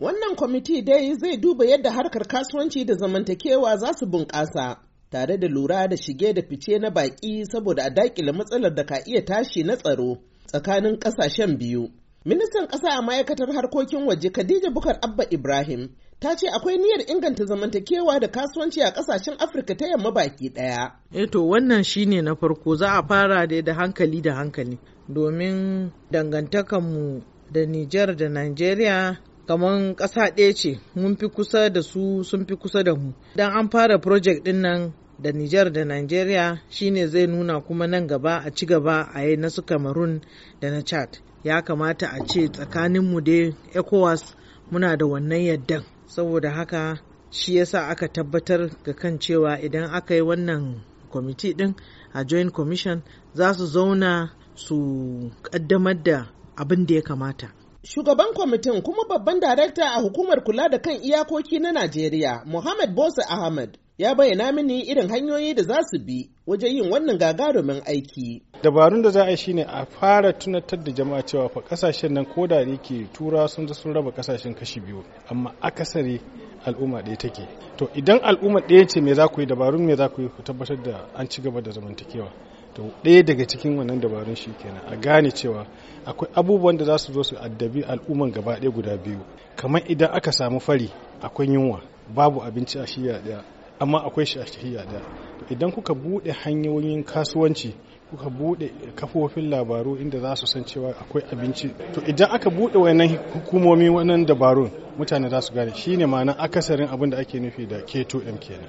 Wannan kwamiti dai zai duba yadda harkar kasuwanci da zamantakewa za su bunƙasa, tare da lura da shige da fice na baƙi saboda a daƙile matsalar da ka iya tashi na tsaro tsakanin ƙasashen biyu. Ministan ƙasa a ma'aikatar harkokin waje Khadija Bukar Abba Ibrahim ta ce akwai niyyar inganta zamantakewa da kasuwanci a ƙasashen Afirka ta yamma baki ɗaya. Eto eh wannan shine na farko za a fara da hankali da hankali domin dangantakanmu da Nijar da Najeriya kamar ƙasa ɗaya ce mun fi kusa da su sun fi kusa da mu idan an fara project ɗin nan da Nijar da Nigeria shine zai nuna kuma nan gaba a ci gaba a yi na Cameroon da na Chad ya kamata a ce tsakaninmu dai ECOWAS muna da wannan yaddan saboda haka shi yasa aka tabbatar ga kan cewa idan aka yi wannan kwamiti din a joint commission za su zauna su ƙaddamar da abin da ya kamata Shugaban kwamitin kuma babban darakta a hukumar kula da kan iyakoki na Najeriya, Muhammad Bosa Ahmad, ya bayyana mini irin hanyoyi da za su bi wajen yin wannan gagarumin aiki. Dabarun da za a yi shine a fara tunatar da jama'a cewa fa kasashen nan ko da ke tura sun sun raba kasashen kashi biyu, amma akasari al'umma ɗaya take. To idan al'umma ɗaya ce me za ku yi dabarun me za ku yi ku tabbatar da an ci gaba da zamantakewa. to ɗaya daga cikin wannan dabarun shi kenan a gane cewa akwai abubuwan da za su zo su addabi al'umman gaba ɗaya guda biyu kamar idan aka samu fari akwai yunwa babu abinci a shiya ɗaya amma akwai shi a shiya ɗaya idan kuka buɗe hanyoyin kasuwanci kuka buɗe kafofin labaru inda za su san cewa akwai abinci to idan aka buɗe wannan hukumomi wannan dabarun mutane za su gane ne ma'ana akasarin abin da ake nufi da keto ɗin kenan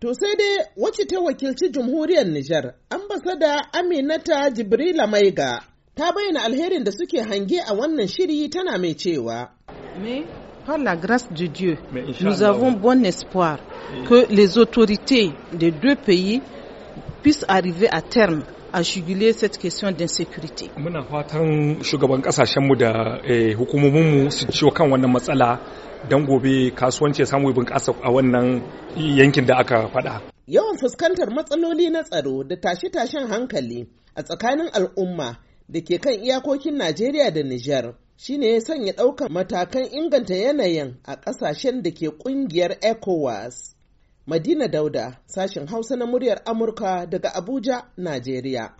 to sai dai wacce ta wakilci jamhuriyar Nijar da Aminata Jibrila Maiga ta bayyana alherin da suke hange a wannan shiri tana mai cewa. Mais par la grâce de Dieu, nous avons bon espoir que les autorités des deux pays puissent arriver à terme a shigile cette question d'insécurité. Muna fatan shugaban kasashenmu da eh, hukumominmu su ciwo kan wannan matsala don gobe kasuwanci ya samu bunƙasa a wannan yankin da aka faɗa. Yawan fuskantar matsaloli na tsaro da tashe-tashen hankali a tsakanin al'umma da ke kan iyakokin Najeriya da Nijar shine ya sanya ɗaukar matakan inganta yanayin a ƙasashen da ke ƙungiyar ECOWAS. Madina Dauda, sashen Hausa na muryar Amurka daga Abuja, Najeriya.